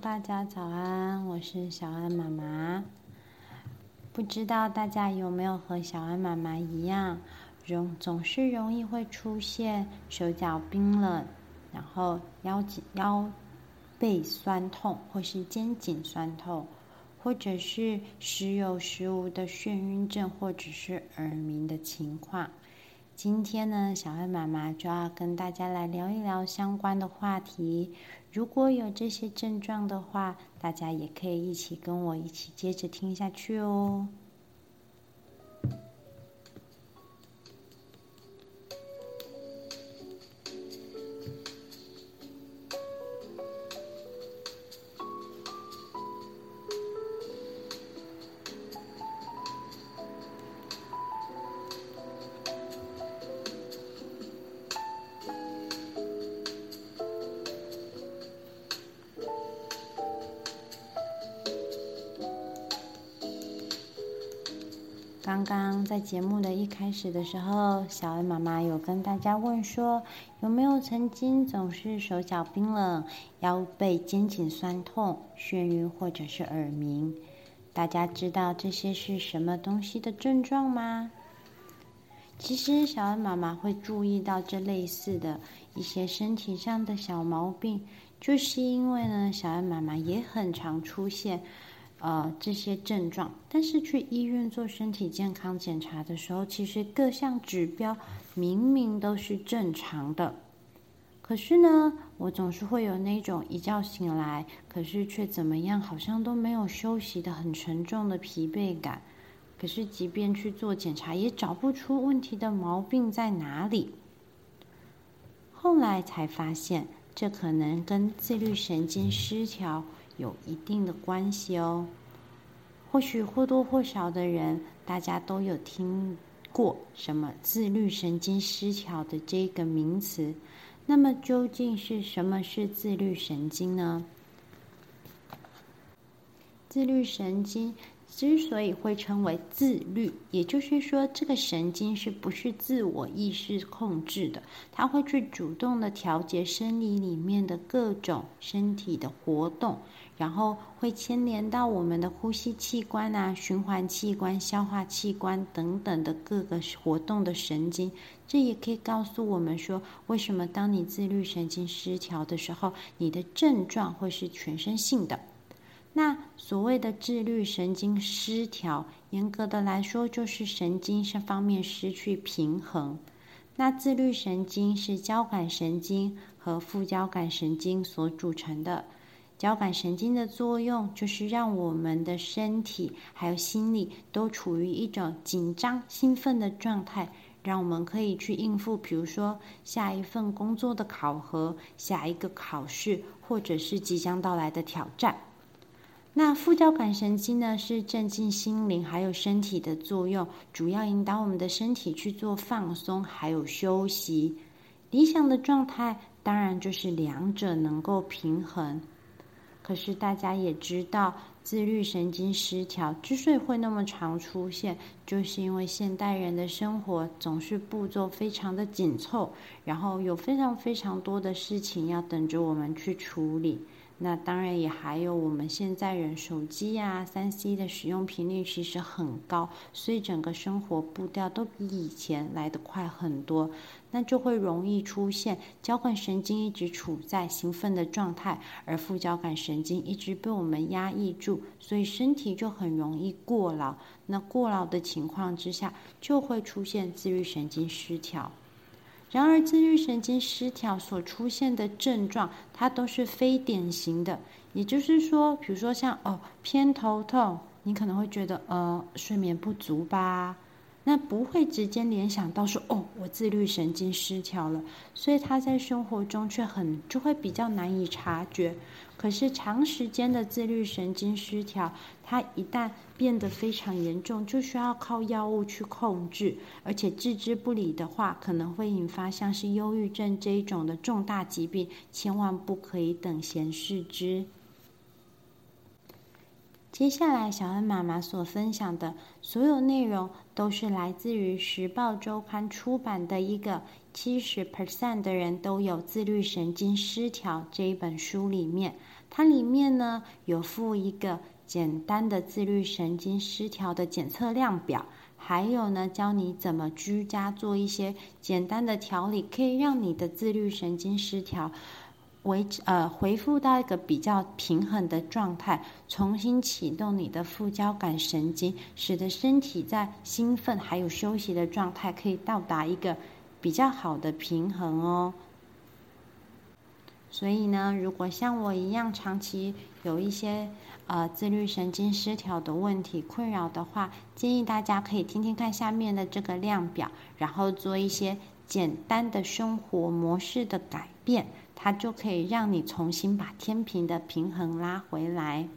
大家早安，我是小安媽媽。不知道大家有沒有和小安媽媽一樣，容總是容易會出現手腳冰冷，然後腰頸、腰背痠痛，或是肩頸痠痛，或者是時有時無的眩暈症，或者是耳鳴的情況。今天呢，小艾媽媽就要跟大家來聊一聊相關的話題。如果有這些症狀的話，大家也可以一起跟我一起接着聽下去哦。剛剛在節目的一開始的時候，小恩媽媽有跟大家問說，有沒有曾經總是手腳冰冷、腰背肩頸酸痛、眩暈或者是耳鳴？大家知道這些是什麼東西的症狀嗎？其實小恩媽媽會注意到這類似的一些身體上的小毛病，就是因為呢，小恩媽媽也很常出現。呃，這些症狀，但是去醫院做身體健康檢查的時候，其實各項指標明明都是正常的。可是呢，我總是會有那種一覺醒來，可是卻怎麼樣，好像都沒有休息的很沉重的疲憊感。可是即便去做檢查，也找不出問題的毛病在哪裡。後來才發現，這可能跟自律神經失調。有一定的關係哦。或許或多或少的人，大家都有聽過“什麼自律神經失調”的這個名詞。那麼，究竟是什麼是自律神經呢？自律神經之所以會稱為自律，也就是說，這個神經是不是自我意識控制的？它會去主動的調節生理裡面的各種身體的活動。然後會牽連到我們的呼吸器官啊、循環器官、消化器官等等的各個活動的神經。這也可以告訴我們說，為什麼當你自律神經失調的時候，你的症狀會是全身性的。那所謂的自律神經失調，嚴格的來說，就是神經這方面失去平衡。那自律神經是交感神經和副交感神經所組成的。交感神經的作用就是讓我們的身體還有心理都處於一種緊張興奮的狀態，讓我們可以去應付，比如說下一份工作的考核、下一個考試，或者是即將到來的挑戰。那副交感神經呢，是鎮靜心靈還有身體的作用，主要引導我們的身體去做放鬆還有休息。理想的狀態當然就是兩者能夠平衡。可是大家也知道，自律神經失調之所以會那麼常出現，就是因為現代人的生活總是步驟非常的緊湊，然後有非常非常多的事情要等着我們去處理。那當然也還有我們現在人手機呀、啊、三 C 的使用頻率其實很高，所以整個生活步調都比以前來得快很多，那就會容易出現交感神經一直處在興奮的狀態，而副交感神經一直被我們壓抑住，所以身體就很容易過勞。那過勞的情況之下，就會出現自律神經失調。然而，自律神經失調所出現的症狀，它都是非典型的。也就是說，比如說像哦，偏頭痛，你可能會覺得呃，睡眠不足吧。那不會直接聯想到說，哦，我自律神經失調了，所以他在生活中卻很就會比較難以察覺。可是長時間的自律神經失調，它一旦變得非常嚴重，就需要靠藥物去控制。而且置之不理的話，可能會引發像是憂鬱症這一種的重大疾病，千萬不可以等閒視之。接下來，小恩媽媽所分享的所有內容，都是來自於《時報週刊》出版的一個 “70% 的人都有自律神經失調”這一本書裡面。它裡面呢，有附一個簡單的自律神經失調的檢測量表，還有呢，教你怎麼居家做一些簡單的調理，可以讓你的自律神經失調。維持呃，恢復到一個比較平衡的狀態，重新啟動你的副交感神經，使得身體在興奮還有休息的狀態，可以到達一個比較好的平衡哦。所以呢，如果像我一樣長期有一些呃自律神經失調的問題困擾的話，建議大家可以聽聽看下面的這個量表，然後做一些簡單的生活模式的改變。它就可以讓你重新把天平的平衡拉回來。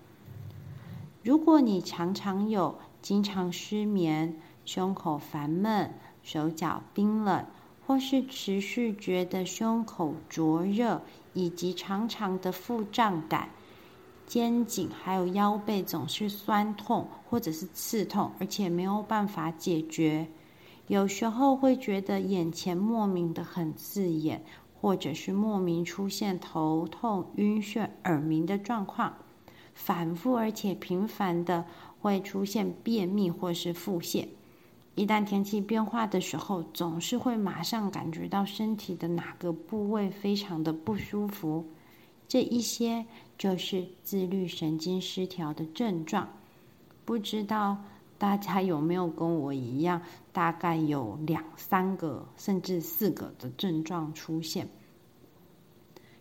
如果你常常有經常失眠、胸口煩悶、手腳冰冷，或是持續覺得胸口灼熱，以及常常的腹脹感、肩頸還有腰背總是痠痛或者是刺痛，而且沒有辦法解決，有時候會覺得眼前莫名的很刺眼。或者是莫名出現頭痛、暈眩、耳鳴的狀況，反覆而且頻繁的會出現便秘或是腹瀉，一旦天氣變化的時候，總是會馬上感覺到身體的哪個部位非常的不舒服，這一些就是自律神經失調的症狀。不知道。大家有沒有跟我一樣，大概有兩三個甚至四個的症狀出現？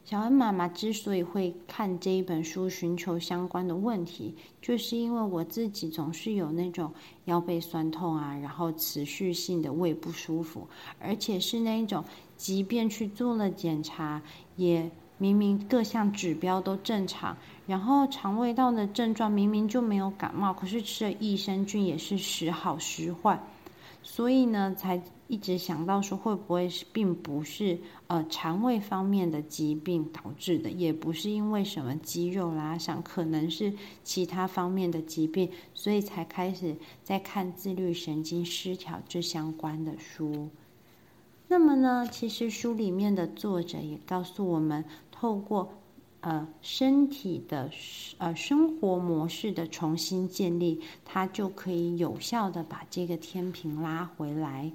小恩媽媽之所以會看這一本書，尋求相關的問題，就是因為我自己總是有那種腰背酸痛啊，然後持續性的胃不舒服，而且是那一種，即便去做了檢查，也明明各項指標都正常。然後腸胃道的症狀明明就沒有感冒，可是吃了益生菌也是時好時壞，所以呢，才一直想到說會不會並不是呃腸胃方面的疾病導致的，也不是因為什麼肌肉拉傷，可能是其他方面的疾病，所以才開始在看自律神經失調這相關的書。那麼呢，其實書裡面的作者也告訴我們，透過。呃，身體的呃生活模式的重新建立，它就可以有效的把這個天平拉回來。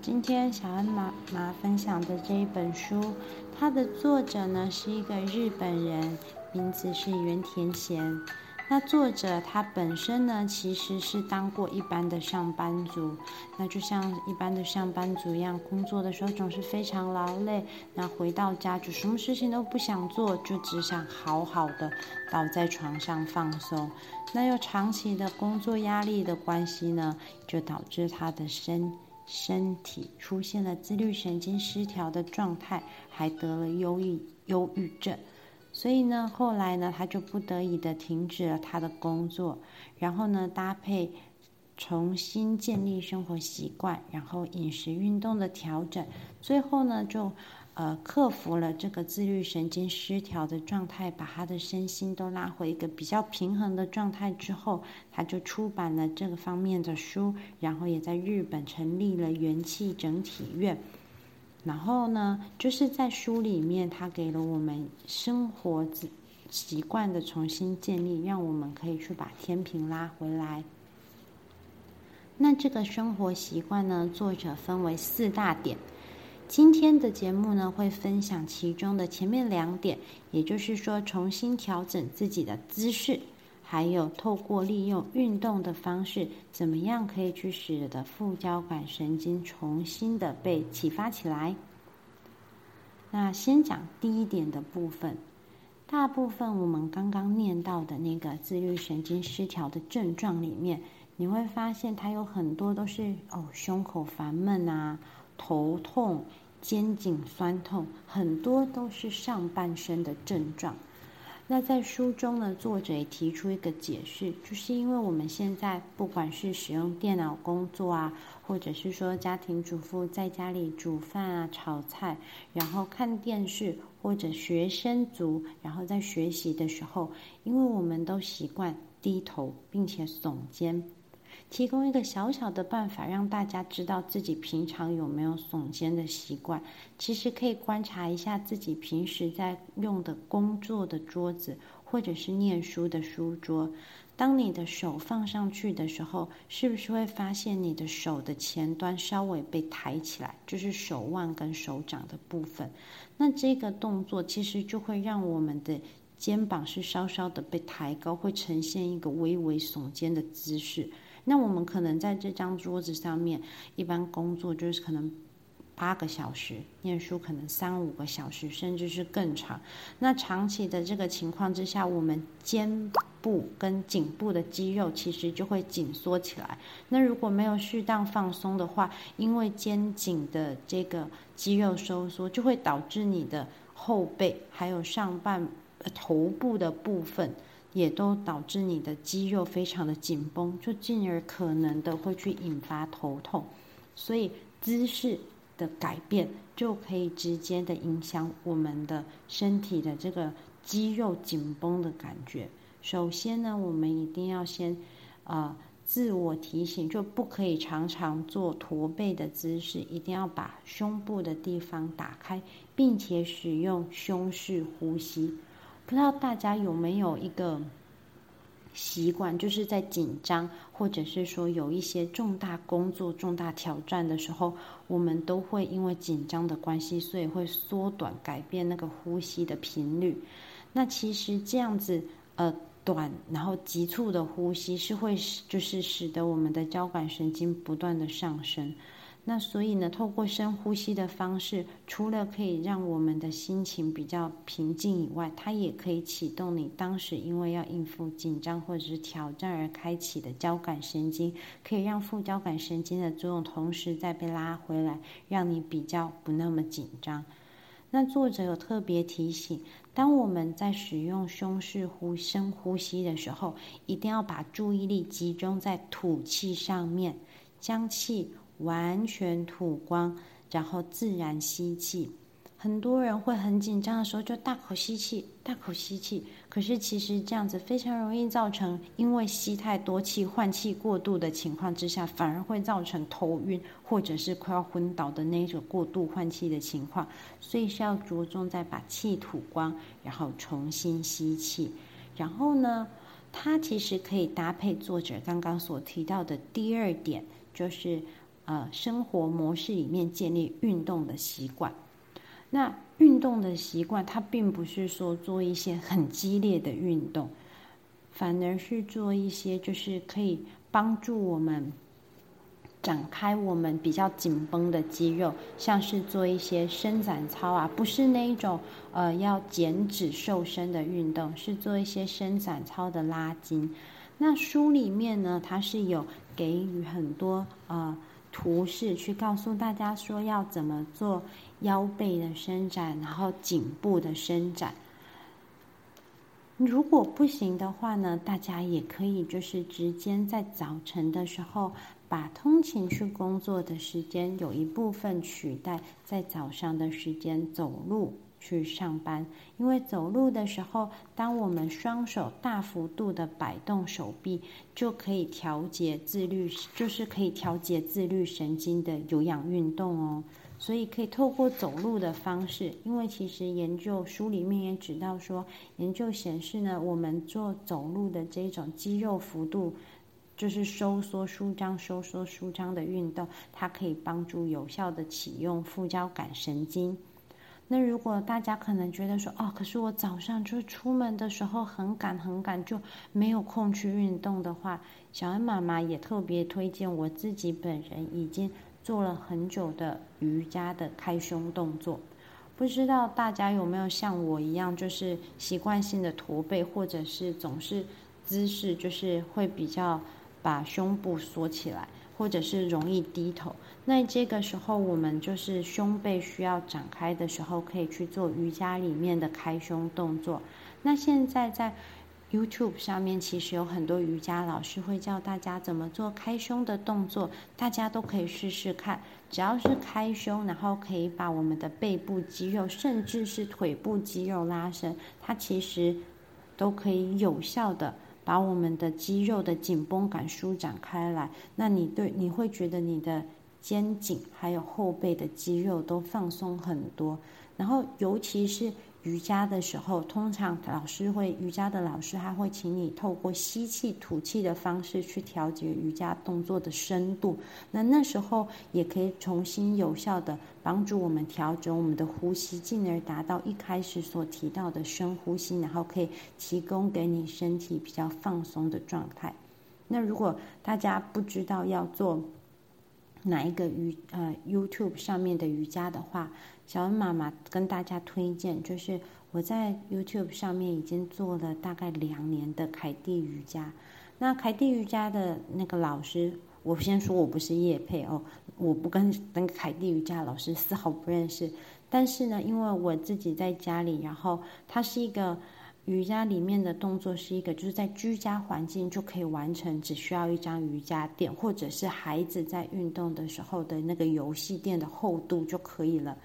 今天小恩媽媽分享的這一本書，它的作者呢是一個日本人，名字是原田賢。那作者他本身呢，其實是當過一般的上班族，那就像一般的上班族一樣，工作的時候總是非常勞累，那回到家就什麼事情都不想做，就只想好好的倒在床上放鬆。那又長期的工作壓力的關係呢，就導致他的身身體出現了自律神經失調的狀態，還得了憂鬱憂鬱症。所以呢，後來呢，他就不得已的停止了他的工作，然後呢，搭配重新建立生活習慣，然後飲食運動的調整，最後呢，就呃克服了這個自律神經失調的狀態，把他的身心都拉回一個比較平衡的狀態之後，他就出版了這個方面的書，然後也在日本成立了元氣整體院。然後呢，就是在書裡面，他給了我們生活習慣的重新建立，讓我們可以去把天平拉回來。那這個生活習慣呢，作者分為四大點，今天的節目呢會分享其中的前面兩點，也就是說重新調整自己的姿勢。還有，透過利用運動的方式，怎麼樣可以去使得副交感神經重新的被啟發起來？那先講第一點的部分，大部分我們剛剛念到的那個自律神經失調的症狀裡面，你會發現它有很多都是哦，胸口煩悶啊，頭痛、肩頸酸痛，很多都是上半身的症狀。那在書中呢，作者也提出一個解釋，就是因為我們現在不管是使用電腦工作啊，或者是說家庭主婦在家裡煮飯啊、炒菜，然後看電視，或者學生族，然後在學習的時候，因為我們都習慣低頭並且聳肩。提供一個小小的辦法，讓大家知道自己平常有沒有聳肩的習慣。其實可以觀察一下自己平時在用的工作的桌子，或者是念書的書桌。當你的手放上去的時候，是不是會發現你的手的前端稍微被抬起來？就是手腕跟手掌的部分。那這個動作其實就會讓我們的肩膀是稍稍的被抬高，會呈現一個微微聳肩的姿勢。那我們可能在這張桌子上面，一般工作就是可能八個小時，念書可能三五個小時，甚至是更長。那長期的這個情況之下，我們肩部跟頸部的肌肉其實就會緊縮起來。那如果沒有適當放鬆的話，因為肩頸的這個肌肉收縮，就會導致你的後背還有上半，呃，頭部的部分。也都導致你的肌肉非常的緊繃，就進而可能的會去引發頭痛。所以姿勢的改變就可以直接的影響我們的身體的這個肌肉緊繃的感覺。首先呢，我們一定要先啊，呃，自我提醒，就不可以常常做駝背的姿勢，一定要把胸部的地方打開，並且使用胸式呼吸。不知道大家有沒有一個習慣，就是在緊張或者是說有一些重大工作、重大挑戰的時候，我們都會因為緊張的關係，所以會縮短、改變那個呼吸的頻率。那其實這樣子，呃，短然後急促的呼吸是會使，就是使得我們的交感神經不斷的上升。那所以呢，透過深呼吸的方式，除了可以讓我們的心情比較平靜以外，它也可以啟動你當時因為要應付緊張或者是挑戰而開啟的交感神經，可以讓副交感神經的作用同時再被拉回來，讓你比較不那麼緊張。那作者有特別提醒，當我們在使用胸式呼深呼吸的時候，一定要把注意力集中在吐氣上面，將氣完全吐光，然後自然吸氣。很多人會很緊張的時候就大口吸氣，大口吸氣。可是其實這樣子非常容易造成，因為吸太多氣換氣過度的情況之下，反而會造成頭暈或者是快要昏倒的那種過度換氣的情況。所以是要着重在把氣吐光，然後重新吸氣。然後呢，它其實可以搭配作者剛剛所提到的第二點，就是。呃，生活模式裡面建立運動的習慣。那運動的習慣，它並不是說做一些很激烈的運動，反而是做一些就是可以幫助我們展開我們比較緊繃的肌肉，像是做一些伸展操啊，不是那一種呃要減脂瘦身的運動，是做一些伸展操的拉筋。那書裡面呢，它是有給予很多呃。圖示去告訴大家說要怎麼做腰背的伸展，然後頸部的伸展。如果不行的話呢，大家也可以就是直接在早晨的時候，把通勤去工作的時間有一部分取代在早上的時間走路。去上班，因為走路的時候，當我們雙手大幅度的擺動手臂，就可以調節自律，就是可以調節自律神經的有氧運動哦。所以可以透過走路的方式，因為其實研究書裡面也指到說，研究顯示呢，我們做走路的這種肌肉幅度，就是收縮、舒張、收縮、舒張的運動，它可以幫助有效地啟用副交感神經。那如果大家可能覺得說哦，可是我早上就出門的時候很趕很趕，就沒有空去運動的話，小恩媽媽也特別推薦我自己本人已經做了很久的瑜伽的開胸動作。不知道大家有沒有像我一樣，就是習慣性的駝背，或者是總是姿勢就是會比較把胸部縮起來。或者是容易低頭，那這個時候我們就是胸背需要展開的時候，可以去做瑜伽裡面的開胸動作。那現在在 YouTube 上面其實有很多瑜伽老師會教大家怎麼做開胸的動作，大家都可以試試看。只要是開胸，然後可以把我們的背部肌肉，甚至是腿部肌肉拉伸，它其實都可以有效的。把我們的肌肉的緊繃感舒展開來，那你對你會覺得你的肩頸還有後背的肌肉都放鬆很多，然後尤其是。瑜伽的時候，通常老師會，瑜伽的老師還會請你透過吸氣、吐氣的方式去調節瑜伽動作的深度。那那時候也可以重新有效地幫助我們調整我們的呼吸，進而達到一開始所提到的深呼吸，然後可以提供給你身體比較放鬆的狀態。那如果大家不知道要做。哪一個瑜、呃 YouTube 上面的瑜伽的話，小恩媽媽跟大家推薦，就是我在 YouTube 上面已經做了大概兩年的凱蒂瑜伽。那凱蒂瑜伽的那個老師，我先說我不是業配哦，我不跟那個凱蒂瑜伽老師絲毫不認識。但是呢，因為我自己在家裡，然後他是一個。瑜伽裡面的動作是一個，就是在居家環境就可以完成，只需要一張瑜伽墊，或者是孩子在運動的時候的那個遊戲墊的厚度就可以了。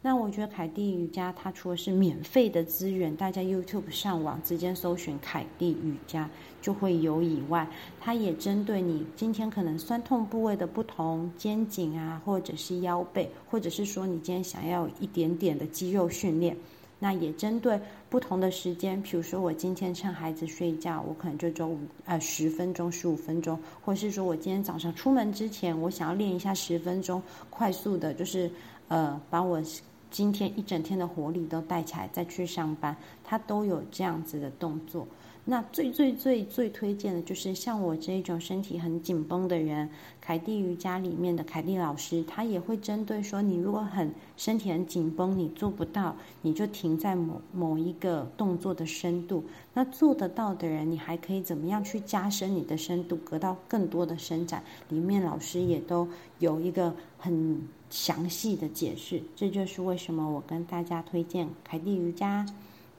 那我覺得凱蒂瑜伽，它除了是免費的資源，大家 YouTube 上網直接搜尋凱蒂瑜伽就會有以外，它也針對你今天可能酸痛部位的不同，肩頸啊，或者是腰背，或者是說你今天想要一點點的肌肉訓練，那也針對。不同的時間，比如說我今天趁孩子睡覺，我可能就做五呃十分鐘、十五分鐘，或者是說我今天早上出門之前，我想要練一下十分鐘，快速的，就是呃把我今天一整天的活力都帶起來，再去上班，它都有這樣子的動作。那最最最最推薦的就是像我這種身體很緊繃的人。凱蒂瑜伽裡面的凱蒂老師，他也會針對說你如果很身體很緊繃，你做不到，你就停在某某一個動作的深度。那做得到的人，你還可以怎麼樣去加深你的深度，得到更多的伸展。裡面老師也都有一個很詳細的解釋。這就是為什麼我跟大家推薦凱蒂瑜伽。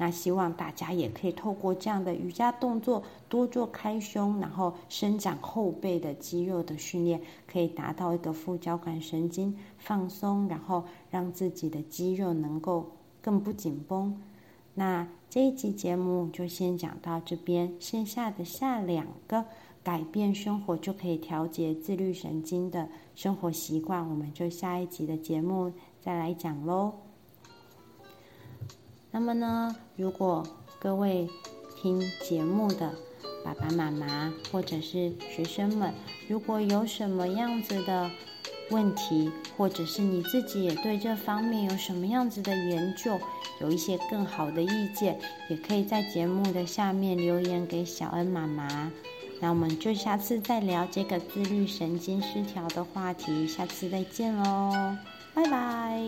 那希望大家也可以透過這樣的瑜伽動作，多做開胸，然後伸展後背的肌肉的訓練，可以達到一個副交感神經放鬆，然後讓自己的肌肉能夠更不緊繃。那這一集節目就先講到這邊，剩下的下兩個改變生活就可以調節自律神經的生活習慣，我們就下一集的節目再來講嘍。那麼呢，如果各位聽節目的爸爸媽媽或者是學生們，如果有什麼樣子的問題，或者是你自己也對這方面有什麼樣子的研究，有一些更好的意見，也可以在節目的下面留言給小恩媽媽。那我們就下次再聊這個自律神經失調的話題，下次再見嘍，拜拜。